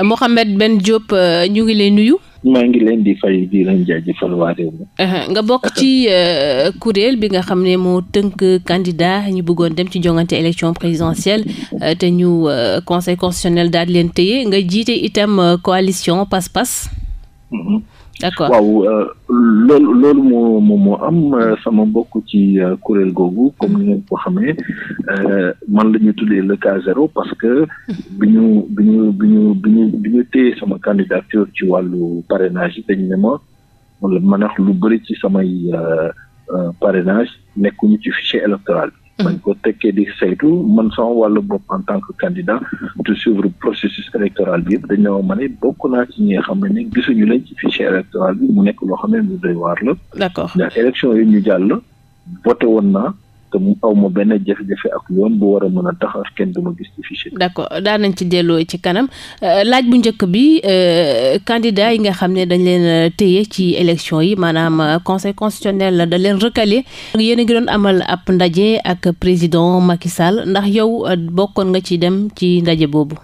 Mouhamed benn Diop euh, ñu ngi lay nuyu. nga bokk ci euh, kuréel bi nga xam ne moo tënk candidat ñu bëggoon dem ci jongante élection présidentielle euh, te ñu conseil constitutionnel daal leen tëye nga jiite itam coalition Pass Pass. Mhm. d'accord waaw euh, loolu loolu moo moo moo am euh, sama mbokk ci euh, kuréel googu comme ni ngeen ko xamee man la ñu tuddee le cas zéro parce que bi ñu bi ñu bi ñu bi ñu téye sama candidature ci wàllu parrainage yi dañ ne ma wala ma lu bëri ci samay parenage nekkuñu ci fichier électoral bi bañ ko tekkee di saytu man sama wàllu bopp en tant que candidat de suivre processus électoral bi yëpp dañ ne ma bokk naa ci ñi xam ne ni gisuñu leen ci fichier électoral bi mu nekk loo xam ne lu doy waar la. d'accord ndax élection yi ñu jàll voté woon naa. te mu aw ma benn jafe-jafe ak yoon bu war a mën a tax kenn du gis ci fichier. d'accord daan nañ ci delloo ci kanam euh, laaj bu njëkk bi euh, candidat yi nga xam ne dañ leen euh, téye ci élection yi maanaam conseil constitutionnel la da leen recalé. yéen a ngi doon amal ab ndaje ak président Macky Sall ndax yow bokkoon nga ci dem ci ndaje boobu.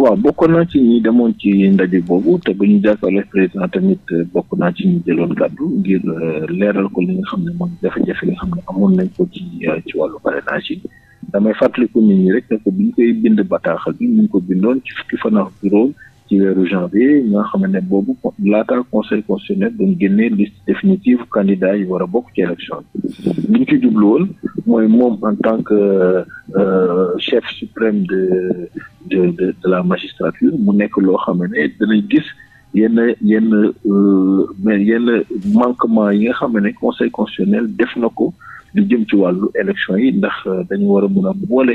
waaw bokk naa ci ñi demoon ci ndaje boobu te bu ñu jàkkaarloo président tamit euh, bokk naa ci ñi jëloon gàddu ngir euh, leeral ko li nga xam ne moom jafe-jafe yi nga xam ne nañ ko euh, ci wàllu parrainage yi damay fàttaliku nit ñi rek ne ko bi ñu koy bind bataaxal bi ñu ko bindoon ci fukki fan ak juróom ci weeru janvier nga xam ne boobu laata conseil constitutionnel dañ génnee liste définitive candidat yi war a bokk ci élection bi li ñu ci jublu mooy moom en tant que chef suprême de de de de la magistrature mu nekk loo xam ne danañ gis yenn yenn euh, mais yenn manquement yi nga xam ne conseil constitutionnel def na ko lu jëm ci wàllu élection yi ndax euh, dañu war a mën a boole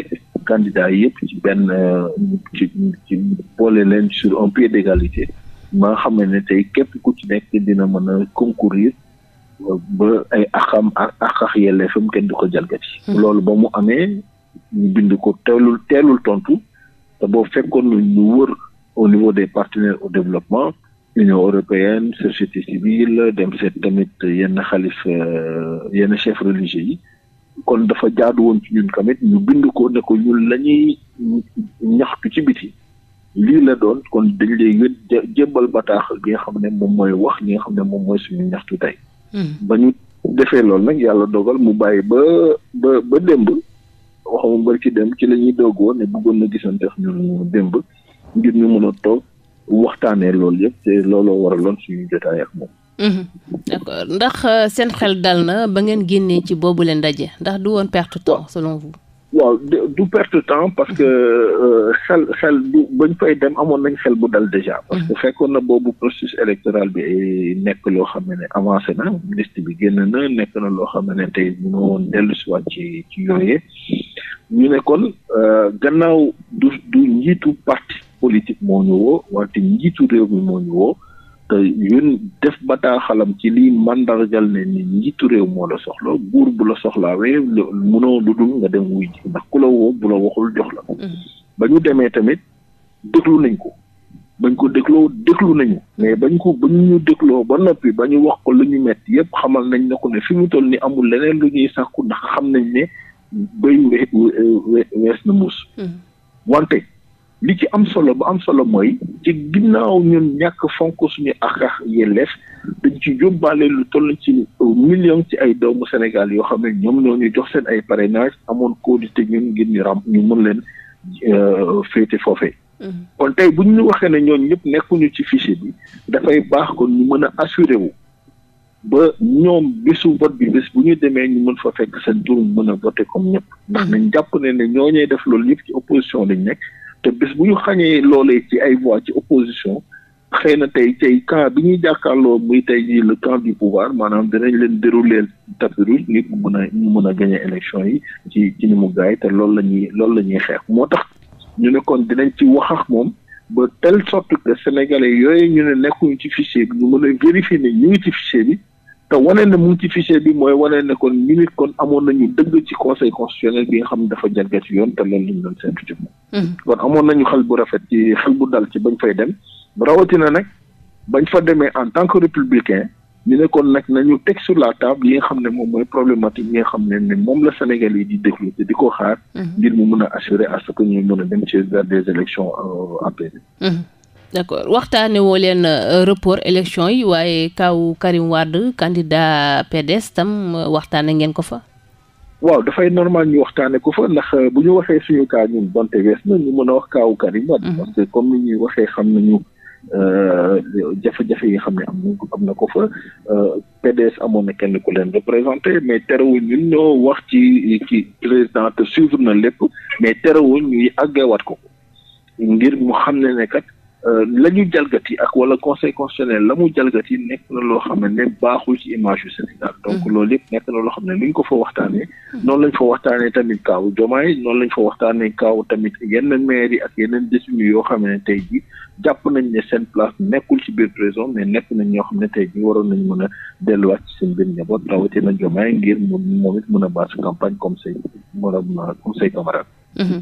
candidat yëpp ci benn euh, ci ci boole leen sur un pied d'égalité ma nga xam ne tey képp ku ci nekk dina mën a concourir ba ay axam ak axax yelleefam kenn du ko jalgati. Hmm. loolu ba mu amee ñu bind ko teelul teelul tontu. te boo fekkoon lu wër au niveau des partenaire au développement union européenne société civile dem seet tamit yenn xalif euh, yenn chef religieux yi kon dafa jaadu woon ci ñun tamit ñu bind ko ne ko lañuy la ñuy ñaxtu ci biti lii la doon kon dañ lay wét jébbal bataaxal bi nga xam ne moom mooy wax li nga xam ne moom mooy suñu ñaxtu tey hmm. ba ñu defee loolu nag yàlla dogal mu bàyyi ba ba ba démb waxuma bari ci dem ci la ñuy doog woon ne bëggoon na gisante ak ñun démb ngir ñu mën a toog waxtaanee loolu yëpp te looloo waraloon suñu jotaay moom. Mhm. ndax euh, seen xel dal na ba ngeen génnee ci boobu leen ndaje ndax du woon perte temps selon vous. waaw du perte temps parce que euh, xel xel du bañ fay dem amoon nañ xel bu dal déjà. parce que mhm. fekkoon na boobu processus électoral bi nekk loo xam ne avancé na liste bi génn na nekk na loo xam ne tey mënoo woon ñu ne kon euh, gannaaw du njiitu parti politique moo ñu woo wante njiitu réew mi moo ñu woo te yun def bataaxalam ci liy màndargal ne njiitu réew moo la soxla buur bu la soxlaawee munoo lu dul nga dem wuy ndax ku la woo bu la waxul jox la mm-hmm. ba ñu demee tamit déglu nañ ko bañ ko dégloo déglu nañu mais bañ ko bañ ñu dégloo ba noppi ba ñu wax ko lu ñu metti yëpp xamal nañ ne ko ne fi mu toll ni amul leneen lu ñuy sàkku ndax xam nañ ne béy wees na muus hmm. wante li ci am solo bu am solo mooy ci ginnaaw ñun ñàkk fonk suñu ak ak yelleef dañ ci yóbbaale lu toll ci million ci ay doomu Sénégal yoo xam ne ñoom ñoo ñu jox seen ay parrainage amoon kóolute ñun ngir ñu ram ñu mën leen euh, féete foofee hmm. kon tey bu ñu waxee ne ñooñu ñëpp nekkuñu ci fichier bi dafay baax kon ñu mën a assuré wu ba ñoom bisu vote bi bés bu ñu demee ñu mën fa fekk seen tur mën a voté comme ñëpp ndax mhm. nañ jàpp ne ne ñoo ñuy def loolu yëpp ci opposition lañ nekk te bés bu ñu xañee loolee ci ay voix ci opposition xëy na tey tey camp bi ñuy jàkkaarloo muy tey jii le camp du pouvoir maanaam dinañ leen dérouler tapis rouge ngir mu mën ñu mën a gagné élection yi ci ci ni mu gaay te loolu la ñuy loolu la ñuy xeex moo tax ñu ne kon dinañ ci wax ak moom ba telle sorte que sénégalais yooyu ñu ne nekkuñu ci fichier bi ñu mën a vérifier ñu ngi ci fichier bi te wane ne mu ngi ci fichier bi mooy wane ne kon ñu nit kon amoon nañu dëgg ci conseil constitutionnel bi nga xam ne dafa jalgat ci yoon te loolu lañ doon seentu ci moom mm-hmm. kon amoon nañu xel bu rafet ci xel bu dal ci bañ fay dem rawatina nag bañ fa demee en tant que républicain ñu ne kon nag nañu teg sur la table yi nga xam ne moom mooy problématique yi nga xam ne ne moom la Sénégal yi di déglu te di ko xaar mm-hmm. ngir mu mën a assurer à ce que ñu mën a dem ci des élections euh, d' accord waxtaane woo leen euh, report élection yi waaye kaw Karim Wade candidat PDS tam euh, waxtaane ngeen ko fa. waaw dafay normal ñu waxtaane ko fa ndax euh, bu ñu waxee suñu kaa ñun donte wees na ñu mën a wax kaawu Karim Wade mhm. parce que comme ni ñuy waxee xam na ñu jafe-jafe yi nga xam ne am na am na ko fa PDS amoon na kenn ku leen représenté mais terewul ñun ñoo wax ci ci président te suivre na lépp mais terewul ñuy àggeewaat ko ngir mu xam ne ne Euh, la ñu jalgati ak wala conseil constitutionnel la mu jalgati nekk na loo xam ne baaxul ci image yu Sénégal donc mm-hmm. loolu yëpp nekk na loo xam ne ni ñu ko fa waxtaanee mm-hmm. noonu lañ fa waxtaanee tamit kaaw Diomaye noonu lañ fa waxtaanee kaaw tamit yenn maire yi ak yeneen détenus yoo xam ne tey jii jàpp nañ ne seen place nekkul ci biir prison mais nekk nañ ñoo xam ne tey jii waroon nañ mën a delluwaat ci seen biir njaboot rawatina Diomaye ngir moom it mën a baas campagne comme say mën a comme say camarades mm-hmm.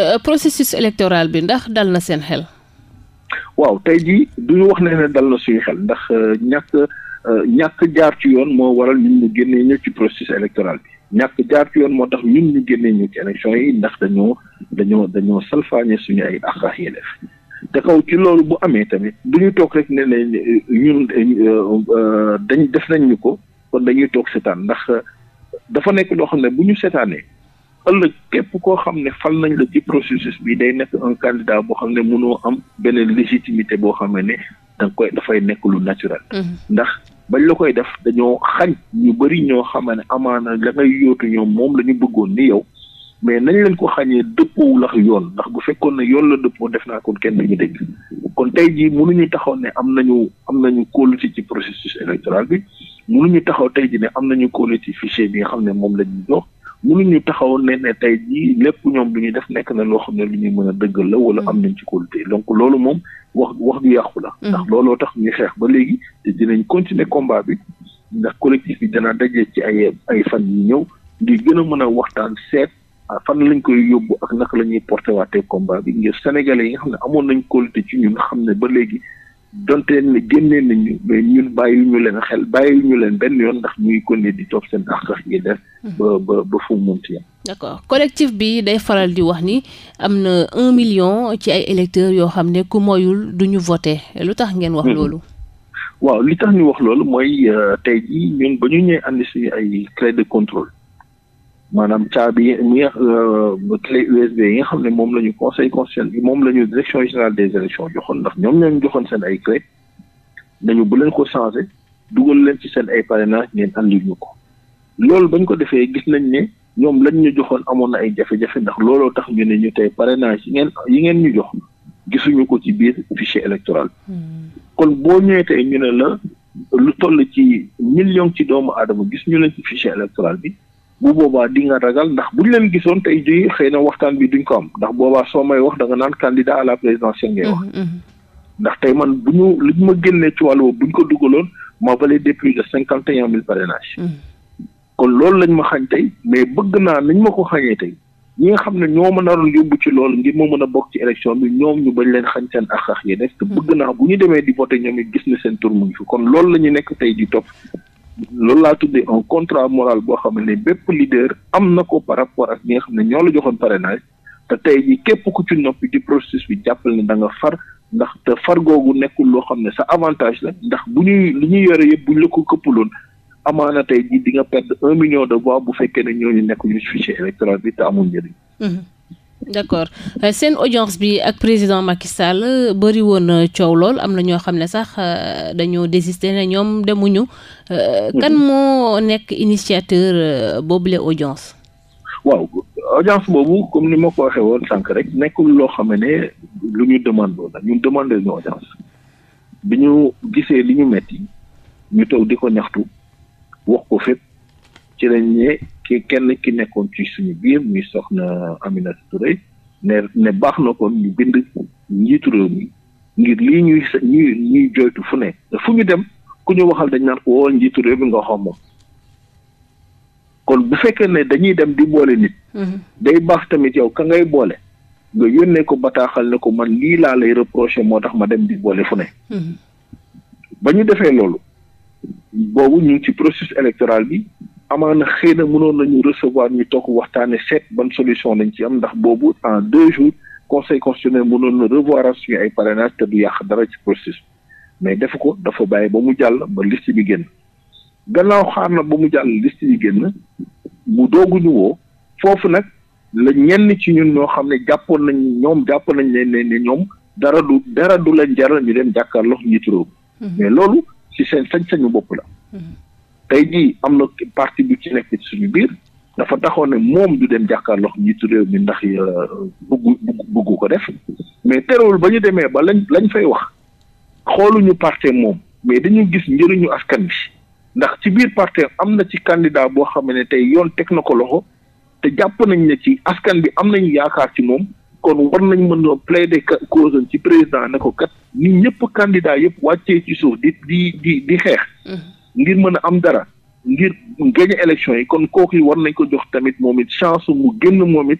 euh, processus électoral bi ndax dal na seen xel waaw tey jii du ñu wax ne ne dal na suñu xel ndax euh, ñàkk euh, ñàkk jaar ci yoon moo waral ñun ñu génnee ñu ci processus électoral bi ñàkk jaar ci yoon moo tax ñun ñu génnee ñu ci élection yi ndax dañoo dañoo dañoo salfaañe suñu ay aka ak yelleef te kaw ci loolu bu amee tamit du ñu toog rek ne ne euh, ñun dañ def nañ ñu ko kon dañuy toog seetaan ndax dafa nekk loo xam ne bu ñu seetaanee ëllëg képp koo xam ne fal nañ la ci processus bii day nekk un candidat boo xam ne mënoo am beneen légitimité boo xam ne da nga koy dafay nekk lu naturel. Mhm. ndax bañ la koy def dañoo xañ ñu bëri ñoo xam ne amaana la ngay yóotu ñoom moom la ñu bëggoon ni yow mais nañ leen ko xañee dëppoowul ak yoon ndax bu fekkoon ne yoon la dëppoo def naa kon kenn duñu dégg kon tey jii mënuñu taxaw ne am nañu am nañu kóolute ci processus électoral bi mënuñu taxaw tey jii ne am nañu kóolute ci bii xam ne moom la ñuy jox. mënuñu taxaw ne ne tey jii lépp ñoom lu ñuy def nekk na loo xam ne lu ñuy mën a dëggal la wala am nañ ci kóolute donc loolu moom wax wax du yàqu la. Mm. ndax looloo tax ñu xeex ba léegi te dinañ continuer combat bi ndax collectif bi dana daje ci ay ay fan yi ñëw ngir gën a mën a waxtaan seet fan lañ koy yóbbu ak naka la ñuy porté waatee combat bi ngir sénégalais yi nga xam ne amoon nañ kóolute ci ñun xam ne ba léegi. donte ne génnee nañu mais ñun bàyyi ñu leen xel bàyyi ñu leen benn yoon ndax ñuy continuer di topp seen ak sax yi def hmm. ba ba fu mu munti yam d'accord collectif bi day faral di wax ni am na un million ci ay électeurs yoo xam ne ku moyul du ñu voté lu tax ngeen wax hmm. loolu waaw li tax ñu wax loolu mooy euh, tey jii ñun ba ñu ñëwee andi suñu ay clé de contrôle maanaam caabi mi nga euh, clé USB yi nga xam ne moom la ñu conseil bi moom la ñu direction générale des élections joxoon ndax ñoom ñoo ñu joxoon seen ay clé nañu bu leen ko changé dugal leen ci seen ay parrainage ngeen andil ñu ko loolu bañ ko defee gis nañ ne ñoom lañ ñu joxoon amoon na ay jafe-jafe ndax looloo tax ñu ne ñu tey parrainage yi ngeen yi ngeen ñu jox gisuñu ko ci biir fichier électoral hmm. kon boo ñëwee tey ñu ne la lu toll ci million ci doomu aadama gis ñu leen ci fichier électoral bi bu boobaa di nga ragal ndax buñ leen gisoon tey jii xëy na waxtaan bi duñ ko am ndax boobaa soo may wax da nga naan candidat à la présidentielle ngay wax. Mm-hmm, mm-hmm. ndax tey man bu ñu li ñu ma génnee ci wàll boobu ko dugaloon ma validé plus de cinquante et un mille parrainages. Mm-hmm. kon lool lañ ma xañ tey mais bëgg naa nañ ma ko xañee tey ñi nga xam ne ñoo ma naroon yóbbu ci loolu ngir ma mën a bokk ci élection bi ñoom ñu bañ leen xañ seen axax yi nekk te bëgg naa bu ñu demee di voté ñoom it gis na seen tur kon loolu la ñu nekk tey di topp loolu laa tuddee un contrat moral boo xam ne bépp leader am na ko par rapport ak ñi nga xam ne ñoo la joxoon parrainage te tey jii képp ku ci noppi di processus bi jàppal ne da nga far ndax te far googu nekkul loo xam ne sa avantage la ndax bu ñuy lu ñuy yore yëpp bu ñu la ko këppaloon amaana tey jii di nga perdre un million de bois bu fekkee ne ñooñu nekk ñu fichier électoral bi te amul njëriñ. Mm-hmm. d' accord euh, seen audience bi ak président Macky Sall euh, bëri woon euh, coow lool am na ñoo xam ne sax dañoo désister ne ñoom demuñu. kan mhm. moo nekk initiateur boobule audience. waaw audience boobu comme ni ma ko waxee woon sànq rek nekkul loo xam ne lu ñu demandé woon ñun demandé ñu audience bi ñu gisee li ñu metti ñu taw di ko ñaxtu wax ko fépp ci lañ ne ki kenn ki nekkoon ci suñu biir muy soxna Aminata Touré ne ne baax na ko ñu bind njiitu réew mi ngir lii ñuy ñuy ñuy joytu fu ne fu ñu dem ku ñu waxal dañ naan ko woo njiitu réew mi nga xom kon bu fekkee ne dañuy dem di boole nit. Mm-hmm. day baax tamit yow ka ngay boole. nga yónnee ko bataaxal ne ko man lii laa lay reproché moo tax ma dem di boole fu ne. Mm-hmm. ba ñu defee loolu. boobu ñu ci processus électoral bi amaana xëy na mënoon nañu recevoir ñu toog waxtaane seet ban solution lañ ci am ndax boobu en deux jours conseil constitutionnel mënoon na revoir suñu ay parrainage te du yàq dara ci processus mais def ko dafa bàyyi ba mu jàll ba liste bi génn gannaaw xaar na ba mu jàll liste yi génn mu dooguñu woo foofu nag la ñenn ci ñun ñoo xam ne jàppoon nañ ñoom jàpp nañ ne ne ñoom dara du dara du leen jaral ñu dem jàkkaarloo njiitu réew mhm. mais loolu ci seen sañ-sañu bopp la mhm. tey jii am na parti bu ci nekk suñu biir dafa taxoon ne moom du dem jàkkaarloo njiitu réew mi ndax bugg euh, bugg ko def mais terewul ba ñu demee ba lañ lañ fay wax xooluñu parti moom mais dañu gis njëriñu askan bi ndax ci biir parti am na ci candidat boo xam ne tey yoon teg na ko loxo te jàpp nañ ne ci askan bi am nañu yaakaar ci moom kon war nañ mën a de cause ci président ne ko kat ni ñëpp candidat yëpp wàccee ci suuf di di di di xeex. Mm-hmm. ngir mën a am dara ngir gagné élection yi kon kooku yi war nañ ko jox tamit moom it chance mu génn moom it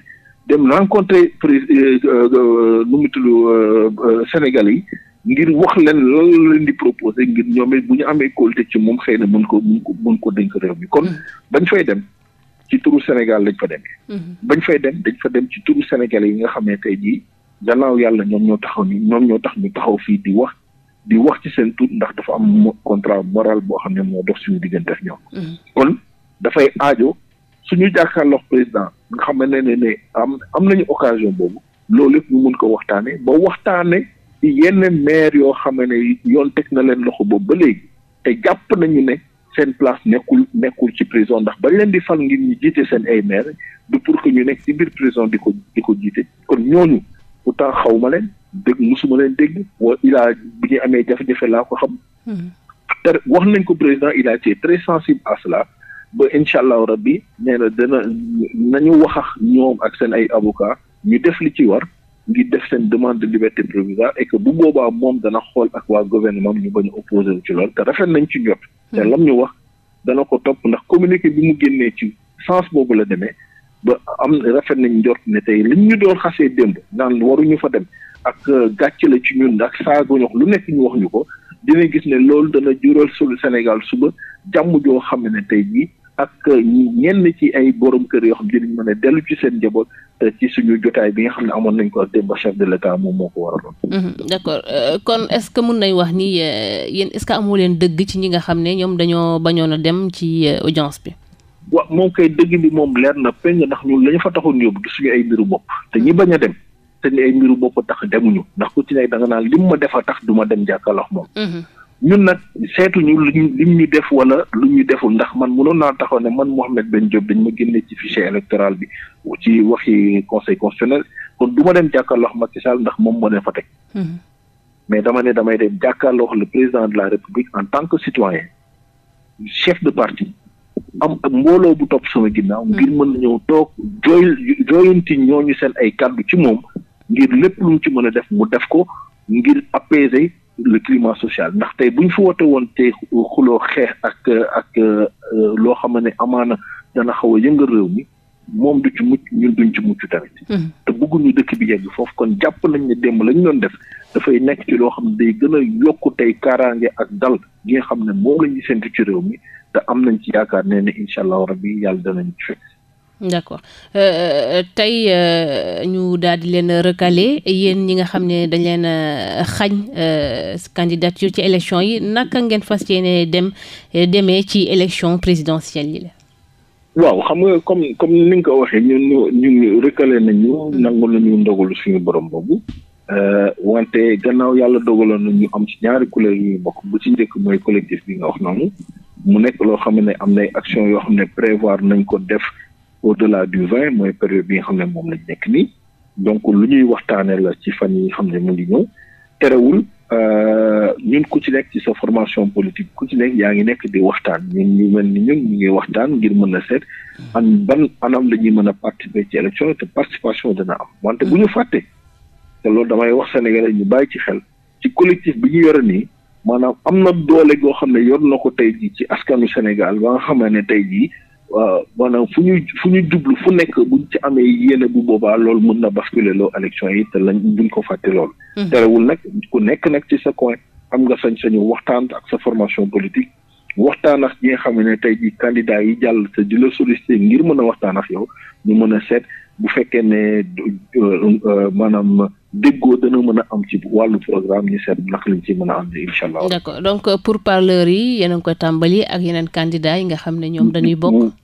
dem rencontrer prés euh, euh, euh, nu mu tudd Sénégal yi ngir wax leen loolu leen di proposé ngir ñoom it bu ñu amee kóolute ci moom xëy na mën ko mën ko mën ko dénk réew mi kon bañ fay dem ci turu Sénégal dañ fa demee. Mm-hmm. bañ fay dem dañ fa dem ci turu Sénégal yi nga xam ne jii gannaaw yàlla ñoom ñoo taxaw ni ñoom ñoo tax ñu taxaw fii di wax. di wax ci seen tur ndax dafa am contrat moral boo xam ne moo dox suñu diggante ak ñoom. Mm-hmm. kon dafay aajo suñu jàkkaarloo président nga xam ne ne am am nañu occasion boobu loolu yëpp ñu mun ko waxtaanee ba waxtaanee ci yenn maire yoo xam ne yoon teg na leen loxo boobu ba léegi te jàpp nañu ne seen place nekkul nekkul ci prison ndax bañ leen di fal ngir ñu jiite seen ay maire du pour que ñu nekk ci biir prison di ko di ko jiite kon ñooñu pourtant xaw ma leen. dégg musuma leen dégg wa il bi ñu amee jafe-jafe laa ko xam. Hmm. te wax nañ ko président il a été très sensible à cela ba incha allahu rabbi nee na dana nañu wax ak ñoom ak seen ay avocat ñu def li ci war ngir def seen demande de liberté provisoire et que bu boobaa moom dana xool ak waa gouvernement ñu bañ a opposé ci lool te rafet nañ ci njot te hmm. lam ñu wax dana ko topp ndax communiqué bi mu génnee ci sens boobu la demee ba am rafet nañ njort ne tey liñ ñu doon xasee démb naan waruñu fa dem. ak euh, gàcce la ci ñun ndax saago ñox lu nekk ñu wax ñu ko dina gis ne loolu dana jural sulu Sénégal suba jàmm joo xam ne tey jii ak euh, ñenn ci ay borom kër yoo xam ne dinañ mën a dellu ci seen njaboot te euh, ci suñu jotaay bi nga xam ne amoon nañ ko ak ba chef de l'État moom moo ko waraloon. Mhm, d'accord kon est-ce que mun nay wax ni yéen est-ce que leen dëgg ci ñi nga xam ne ñoom dañoo bañoon a dem ci audience bi. waaw moom koy dëgg bi moom leer na peñ ndax ñun la ñu fa taxoon yóbbu du suñu ay mbiru bopp te ñi bañ a dem. seen ay mbiru bopp tax demuñu ndax ku ci nekk da nga naan lim ma defa tax duma dem jàkkaarloo moom. Mhm. ñun nag seetuñu luñ lim ñu def wala lu ñu deful ndax man mënoon naa taxoon ne man Mouhamed Ben Diop dañ ma génne ci fichier électoral bi ci waxi conseil constitutionnel kon du ma dem jàkkaarloo Macky Sall ndax moom moo leen fa teg. Mhm. mais dama ne damay dem jàkkaarloo le président de la république en tant que citoyen chef de parti am ak mbooloo bu topp sama ginnaaw. ngir mhm. mën a ñëw toog jooy jooyanti ñooñu seen ay kàddu ci moom ngir lépp lu mu ci mën a def mu def ko ngir apaiser le climat social ndax tey bu ñu fi woote woon te xuloo xeex ak ak euh, loo xam ne amaana dana xaw a yëngal réew mi moom du ci mucc ñun duñ ci mucc tamit. Hmm. te bëgguñu dëkk bi yegg foofu kon jàpp nañ ne démb lañ doon def dafay nekk ci loo xam ne day gën a yokk tey kaaraange ak dal gi nga xam ne moom lañuy séntu ci réew mi te am nañ ci yaakaar ne ne incha allah rabbi yàlla danañ ci d' accord %e euh, euh, tey %e ñu daal di leen recalé :fra yéen ñi nga xam ne dañ leen a xañ %e candidature :fra ci élection yi naka ngeen fas yéenee dem [r] demee ci élection :fra présidentielles :fra yile waaw xam nga comme comme ni nga ko waxee ñun ñun recalé :fra nañ ñu hmm. nangul nañu ndogalu suñu borom boobu %e wante gannaaw yàlla dogaloon na ñu am si ñaari kuréel yu ñu bokk bu ci njëkk mooy collectif bi nga wax noonu mu nekk loo xam ne am na action yoo xam ne prévoir nañ ko def au-delà du vingt mooy période bi nga xam ne moom lañ nekk nii donc lu ñuy waxtaanee la ci fan yi nga xam ne mu ngi ñëw terewul euh, ñun ku ci nekk ci sa formation politique ku ci nekk yaa ngi nekk di waxtaan ñun ñu mel ni ñun ñu ngi waxtaan ngir mën a seet an ban anam la ñuy mën a participer ci élection te participation dina am wante bu ñu fàtte te loolu damay wax Sénégalais ñu bàyyi ci xel ci collectif bi ñu yore nii maanaam am na doole goo xam ne yor na ko tey jii ci askanu Sénégal ba waaw maanaam fu ñu fu ñu jublu fu nekk buñ ci amee yéene bu boobaa loolu mën na basculer loo élection yi te lañ buñ ko fàtte lool. Mhm. terewul nag ku nekk nag ci sa coin am nga sañ-sañu waxtaan ak sa formation politique waxtaan ak ñi nga xam ne tey ji candidat yi jàll sa di la solliciter ngir mën a waxtaan ak yow ñu mën a seet bu fekkee ne euh, euh, maanaam. déggoo dana mën a am ci wàllu programme ñu seet ndax liñ ci mën a am incha allah. d'accord donc euh, pour parleurs yi yéen a ngi koy ak yeneen candidats yi nga xam ne ñoom dañuy bokk. Mm-hmm.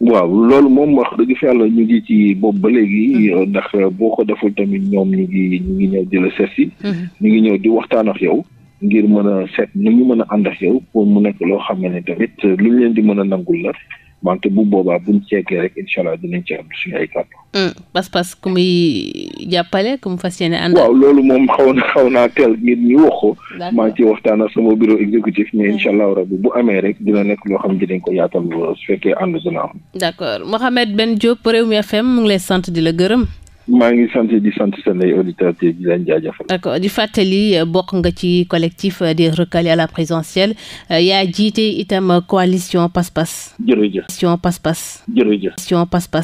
waaw loolu moom wax dëgg feex la ñu ngi ci bopp ba léegi mm-hmm. euh, ndax euh, boo ko deful tamit ñoom ñu ngi ñu ngi ñëw di la seet si mm-hmm. ñu ngi ñëw di waxtaan ak yow ngir mën a seet nu ñu mën a ànd ak yow pour mu nekk loo xam ne tamit euh, lu ñu leen di mën a nangul la wante bu boobaa buñ seegee rek incha allah dinañ ci am suñu ay kàddu. Mm, pas-pas ku muy jàppale ku mu fas yéene ànd. waaw loolu moom xaw na xaw naa tel ngir ñu wax ko. maa ngi ciy waxtaan ak sama bureau exécutif. mais mm. incha allahu rabi bu amee rek dina nekk loo xam ne dañ ko yaatal su fekkee ànd dina am. d' accord Mouhamed Ben Diop Rewmi FM mu ngi lay sant di la gërëm. maa ngi sant di sant seen ay auditeurs te di leen jaajëfal. d'accord di fàttali bokk nga ci collectif des recalés à la présidentielle yaa jiite itam coalition Pass Pass. jërëjëf coalition Pass Pass.